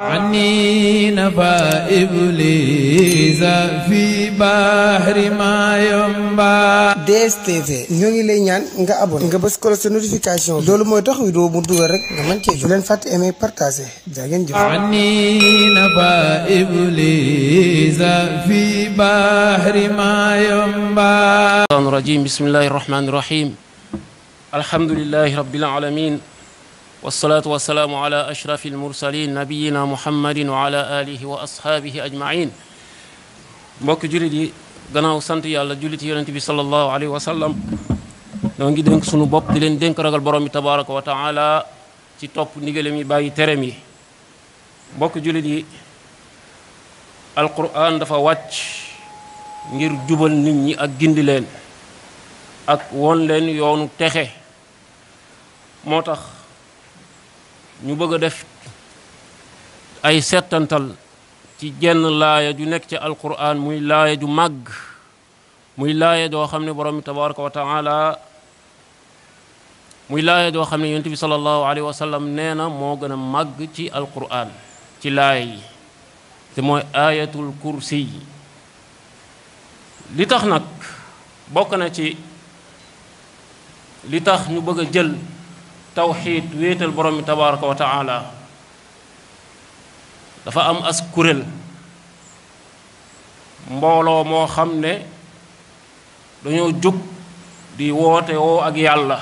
عني نفى إبليس في بحر ما ينبع DSTV ñoo ngi lay ñaan nga abonné nga bës ko sa notification loolu mooy tax vidéo mu dugal rek nga mën cee jox leen fàtte aimer partager jaa ngeen jëf عني نفى إبليس في بحر ما ينبع الرجيم بسم الله الرحمن الرحيم الحمد لله والصلاة والسلام على أشرف المرسلين نبينا محمد وعلى آله وأصحابه أجمعين بوك جولي دي غناو سانت يالا جولي تي يونتي صلى الله عليه وسلم نونغي دينك سونو بوب دي لين دينك راغال بروم تبارك وتعالى تي توپ نيغلمي باي تريمي بوك جولي دي القران دا فا واتش غير جوبال نيت ني اك غيندي لين اك وون لين يونو تخه موتاخ ñu bëgg a def ay settantal ci jenn laaya ju nekk ci alquran muy laaya ju màgg muy laaya joo xam ne borom tabaraka wa taala muy laaya joo xam ne yonent bi salallahu alayhi wa sallam nee na moo gën a màgg ci alquran ci laaya yi te mooy ayatul kursi yi li tax nag bokk na ci li tax ñu bëgg a jël توحيد ويت البرم تبارك وتعالى دفا ام اسكورل مbolo مو خامني دانيو جوك دي ووتي او اك يالا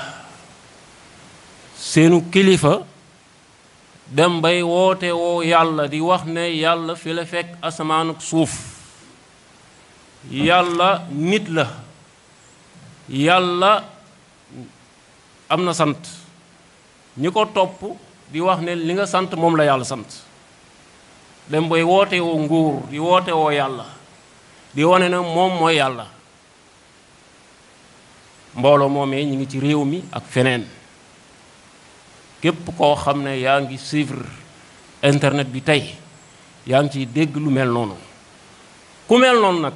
سينو كليفا دم باي ووتي او يالا دي واخني يالا في لا فك اسمانك سوف يالا نيت لا يالا امنا سنت ñi ko topp di wax ne li nga sant mom la yalla sant dem boy wote wo nguur di wote wo yalla di woné ne mom moy yalla mbolo momé ñi ngi ci réew mi ak fenen képp ko xamné ne ngi suivre internet bi Yangi ya ngi ci dégg lu mel noonu ku mel non nak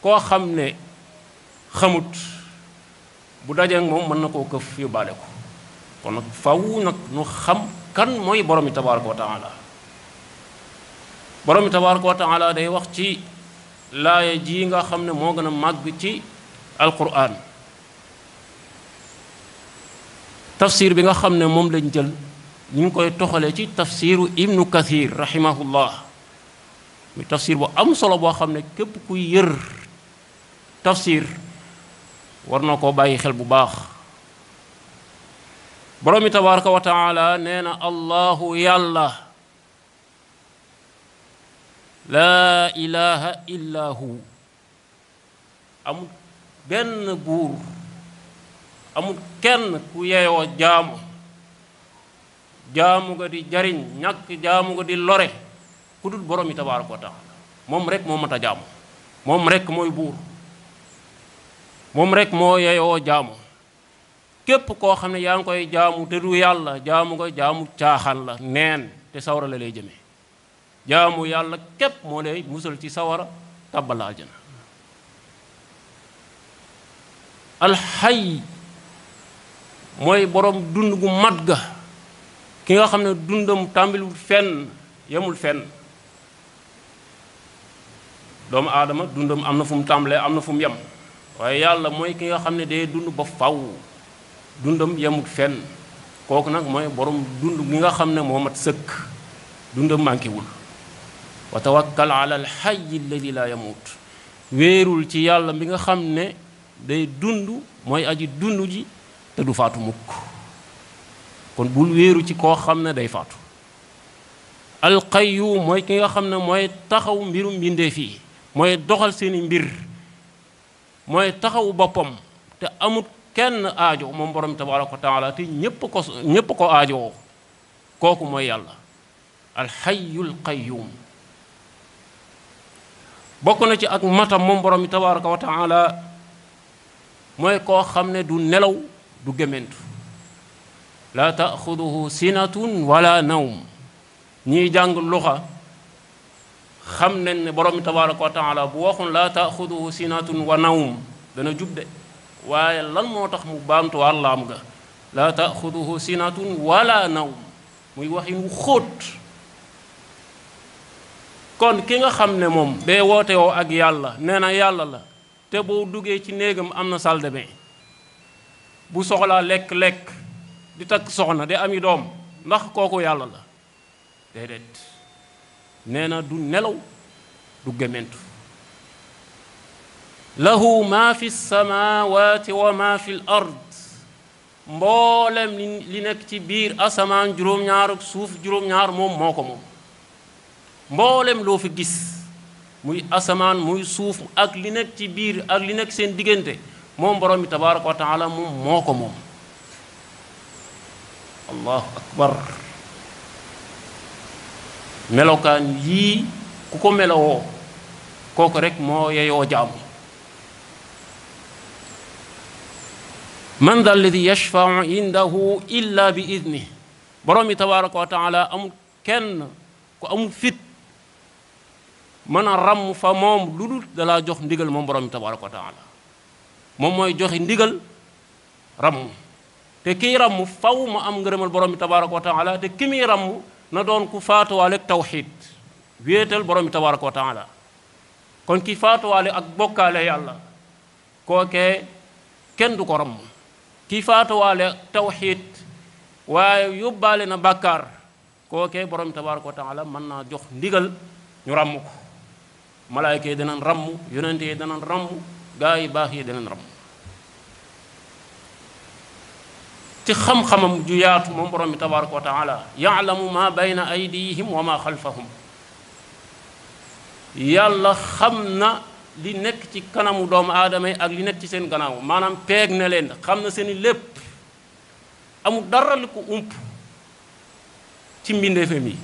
ko xamné xamut bu dajeeg mom mën nako keuf yu balé ko kon faawu nak nu xam kan moy borom tabaaraku taala borom tabaaraku taala day wax ci laaya ji nga xamne mo gëna mag ci alquran tafsir bi nga xamne mom moom lañ jël ñu koy toxale ci tafsir ibn kathir rahimahullah mi tafsir bu am solo bo xamne kep ku yër tafsir war na koo bàyyi xel bu baax برومي تبارك وتعالى نينا الله يلا لا إله إلا هو أم بن بور أم كن كوي جام جامو غدي جارين نك جامو غدي لوري كودو برومي تبارك وتعالى موم ريك موم تا جامو موم ريك موي بور موم ريك مو ييو جامو képp koo xam ne yaa ngi koy jaamu te du yàlla jaamu ko jaamu caaxaan la neen te sawara la lay jëmee jaamu yàlla képp moo lay musal ci sawara tàbbal la aljana alxay mooy boroom dund gu mat ga ki nga xam ne dundam tàmbaliwul fenn yemul fenn doomu aadama dundam am na fu mu tàmbalee am na fu mu yem waaye yàlla mooy ki nga xam ne day dund ba faw dundam yemut fenn kooku nag mooy boroom dund bi nga xam ne moo mat sëkk dundam mànkewul wa tawakkal ala al hayy alladi laa ci yàlla bi nga xam ne day dund mooy ji te du faatu kon bul wéeru ci koo xam ne day faatu alqayyum ki nga xam ne mooy taxaw mbirum mbindeef fii mooy doxal seeni mbir mooy taxawu boppam te amut كن آجو من برم تبارك وتعالى تي نيب كو آجو كوكو موي يالا الحي القيوم بوكو نتي اك ماتا من برم تبارك وتعالى موي كو خامني دو نلو دو گمنت لا تاخذه سنه ولا نوم ني جانغ لوخا خامنن برم تبارك وتعالى بو واخون لا تاخذه سنه ونوم دنا جوب دي waye lan moo tax mu bantu allah nga la taaxuduhu sinatun wala nawm muy waxin wu kon ki nga xamne mom be wote wo ak yàlla neena yàlla la te bo duggé ci négam amna sal de bain bu soxla lek lek di tak soxna di ami dom ndax koku yàlla la dedet neena du nelaw du gémmentu lahu ma fi samaawaati wa ma fi l ard mboolem li nekk ci biir asamaan juróom-ñaar ak suuf juróom-ñaar moom moo ko moom mboolem loo fi gis muy asamaan muy suuf ak li nekk ci biir ak li nekk seen diggante moom borom bi tabaraka wa taala moom moo ko moom allahu akbar melokaan yii ku ko melowoo kooku rek moo yeyoo jaamu من ذا الذي يشفع عنده إلا بإذنه برامي تبارك وتعالى أم كن أم فت من رم فمام لولول دلا جوخ ndigal mom borom tabarak wa taala mom moy joxe ndigal ram te ki ram faw mu am ngeureumal borom tabarak wa taala te kimi ram na doon ku faatu wala tawhid wéetal borom tabarak wa taala kon ki faatu wala ak bokkaale yalla koke kenn du ko ram كيفاتو والي توحيد ويبالي نبكر كوكي بروم تبارك وتعالى منا جوخ ديغل نرمو ملايكة دينا نرمو يوننتي دينا نرمو غاي باهي دينا نرمو تي خم خم جويات من بروم تبارك وتعالى يعلم ما بين أيديهم وما خلفهم يالله خمنا li nekk ci kanamu doomu aadama yi ak li nekk ci seen gannaaw maanaam peeg na leen xam na seeni lépp amul dara lu ko ump ci mbindeefam yi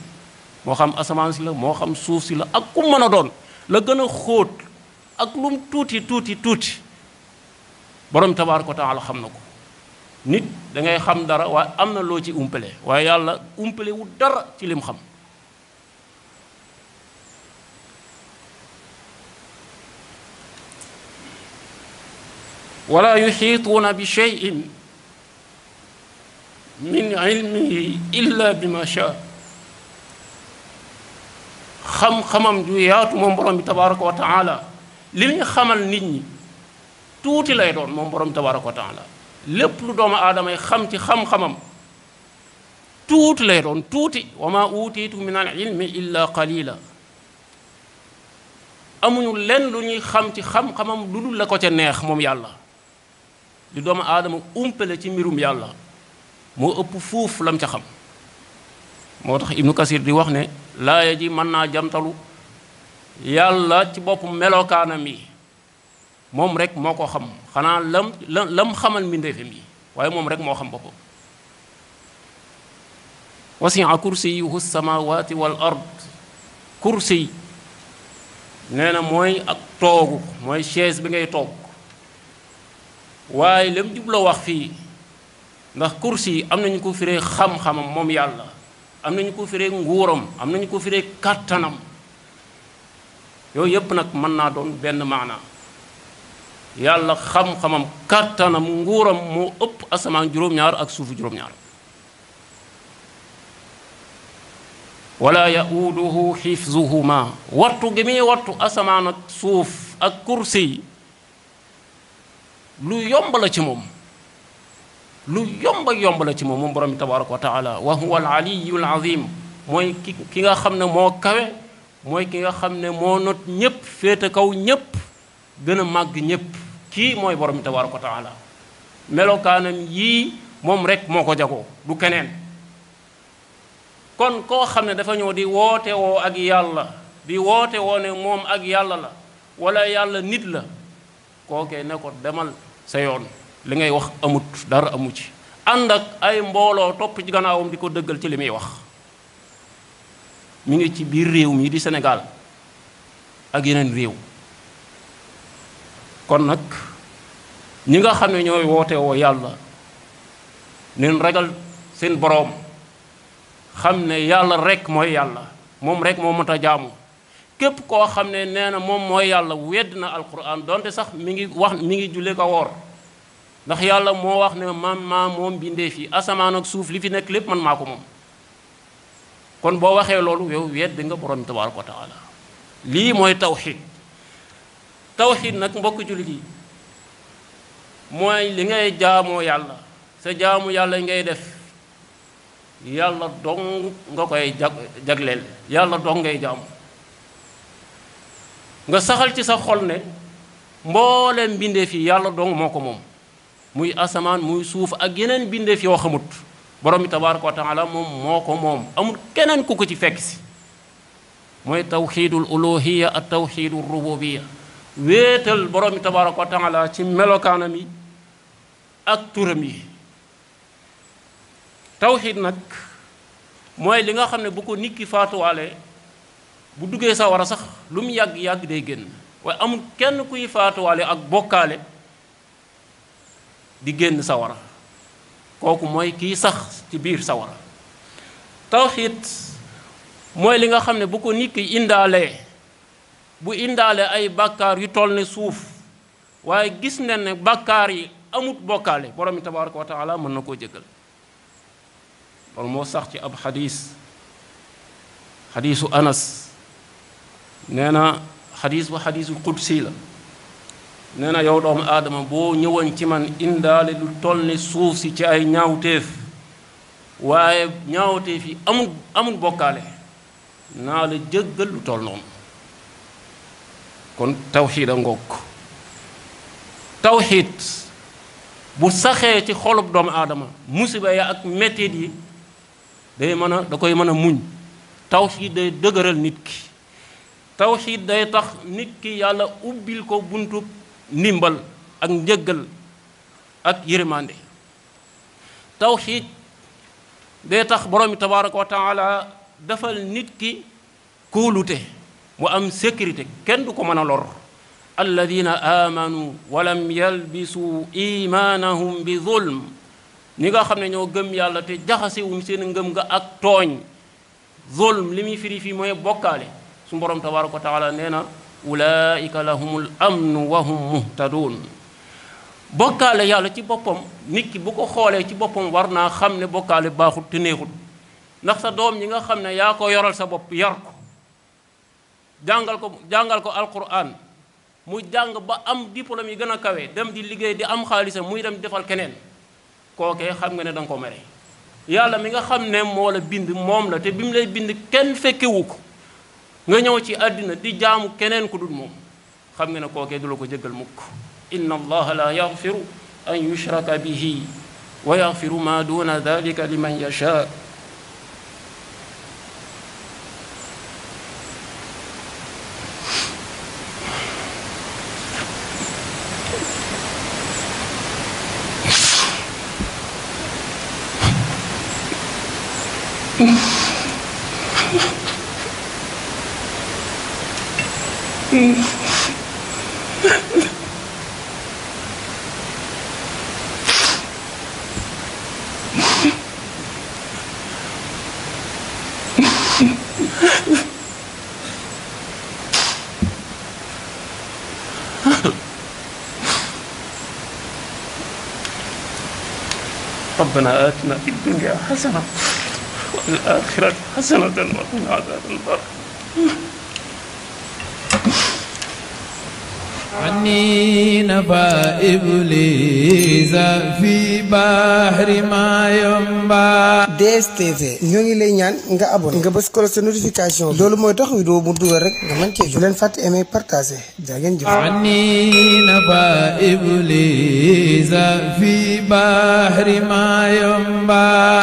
moo xam asamaan si la moo xam suuf si la ak ku mën a doon la gën a xóot ak lum tuuti tuuti tuuti borom tabaaraka wa taala xam na ko nit dangay xam dara waaye am na loo ci umpale waaye yàlla umpale wu dara ci lim xam ولا يحيطون بشيء من علمه إلا بما شاء خم خمم جويات من برم تبارك وتعالى لم يخمل نيني توتي لا يدون من برم تبارك وتعالى لب لدوم آدم يخمتي خم خمم توتي لا يدون توتي وما أوتيت من العلم إلا قليلا أمن لن لني خمتي خم خمم لدو لكوتي نيخ موم يالله di doomu aadama umpale ci mbirum yàlla moo ëpp fuuf lam ca xam moo tax ibnu kasir di wax ne laaya ji mën naa jamtalu yàlla ci bopp melokaanam yi moom rek moo ko xam xanaa lam lam xamal mi mbindeefam yi waaye moom rek moo xam boppam wasia kursiyuhu samawati wal ard kursi nee na mooy ak toogu mooy chaise bi ngay toog waaye lam jubloo wax fii ndax kursi yi am nañu ko firee xam-xamam moom yàlla am nañu ko firee nguuram am nañu ko firee kàttanam yooyu yépp nag mën naa doon benn maana yàlla xam-xamam kàttanam nguuram moo ëpp asamaan juróom-ñaar ak suufu juróom-ñaar wala yauduhu xifzuhuma wattu gi muy wattu asamaan ak suuf ak kursi lu yomb la ci moom lu yomba yomb la ci moom moom borom bi tabaraka wa taala wa mooy ki ki nga xam ne moo kawe mooy ki nga xam ne moo not ñépp féete kaw ñépp gën a màgg ñépp kii mooy boromi bi tabaraka wa taala melokaanam yii moom rek moo ko jagoo du keneen kon koo xam ne dafa ñëw di woote woo ak yàlla di woote woo ne moom ak yàlla la wala yàlla nit la kookee ne ko demal sa yoon li ngay wax amut dara amu ci ànd ak ay mbooloo topp ci gannaawam di ko dëggal ci li muy wax mi ngi ci biir réew mi di Sénégal ak yeneen réew kon nag ñi nga xam ne ñooy woote woo yàlla ragal seen boroom xam ne rek mooy yàlla moom rek moo mën képp koo xam ne nee na moom mooy yàlla wedd na alquran donte sax mi ngi wax mi ngi julli ko woor ndax yàlla moo wax ne man maa moom bindee fii asamaan ak suuf li fi nekk lépp man maa ko moom kon boo waxee loolu yow wedd nga borom tabaaraka wa taala lii mooy tawxiid tawxiit nag mbokk jullit yi mooy li ngay jaamoo yàlla sa jaamu yàlla ngay def yàlla dong nga koy jagleel yàlla dong ngay jaamu nga saxal ci sa xol ne mboolem binde fi yàlla dong moo ko moom muy asamaan muy suuf ak yeneen fi yoo xamut borom bi tabaraka wa taala moom moo ko moom amul keneen ku ko ci fekk si mooy tawxidul uluhiya ak tawxidul rububiya wéetal borom bi tabaraka wa taala ci melokaanam yi ak turam yi tawxid nag mooy li nga xam ne bu ko nit ki faatuwaale bu duggee sawara sax lu mu yàgg-yàgg day génn waaye amul kenn kuy faatuwaale ak bokkaale di génn sawara kooku mooy kii sax ci biir sawara tawxiid mooy li nga xam ne bu ko nit ki indaalee bu indaalee ay bakkaar yu toll ne suuf waaye gis ne ne bakkaar yi amut bokkaale borom bi tabaaraka wa mën na koo jëggal loolu moo sax ci ab xadiis xadiisu anas nee na xadis ba xadisul qudsi la nee na yow doomu aadama boo ñëwoon ci man indaale lu toll ni suuf si ci ay ñaawteef waaye ñaawteef yi amul amul bokkaale naa la jëggal lu toll noonu kon tawxiid a ngoog tawxiid bu saxee ci xolub doomu aadama musiba ya ak metit yi day mën a da koy mën a muñ tawxiid day dëgëral nit ki tawxiid day tax nit ki yàlla ubbil ko buntu ndimbal ak njëggal ak yërmande tawxiid day tax borom bi tabaaraka wa taala defal nit ki kóolute mu am sécurité kenn du ko mën a lor alladina amanu walam yalbisu imaanahum bi zulm ñi nga xam ne ñoo gëm yàlla te jaxasewuñ seen ngëm nga ak tooñ zulm li muy firi fii mooy bokkaale سبحانه تبارك وتعالى نينا أولئك لهم الأمن وهم مهتدون بكال يا لتي بوبم نيكي بوكو خولي تي بوبم ورنا خامني بكال باخو تنيخو نخ سا دوم نيغا خامني يا كو يورال سا بوب يركو جانغال كو جانغال كو القران موي جانغ با ام ديبلوم يي غنا كاوي دم دي ليغي دي ام خالص موي دم ديفال كنين كوكي خام نغي دانكو مري يالا ميغا خامني مولا بيند موم لا تي بيم لاي بيند كين فكي ووكو nga ñëw ci adina di jaamu keneen ku dul moom xam nga ne kookee du la ko jëgal mukk inna allaha la yaghfiru an yushraka bihi wa yaghfiru ma duna dhalika liman yasha Mm-hmm. ربنا آتنا في الدنيا حسنة والآخرة حسنة وقنا عذاب النار عني نبا إبليس في بحر ما ينبع DSTV ñoo ngi lay ñaan nga abonné nga bës ko sa notification loolu mooy tax vidéo mu dugal rek nga mën cee jot leen fàtte aimer partager jaa ngeen jëf عني نبا إبليس في بحر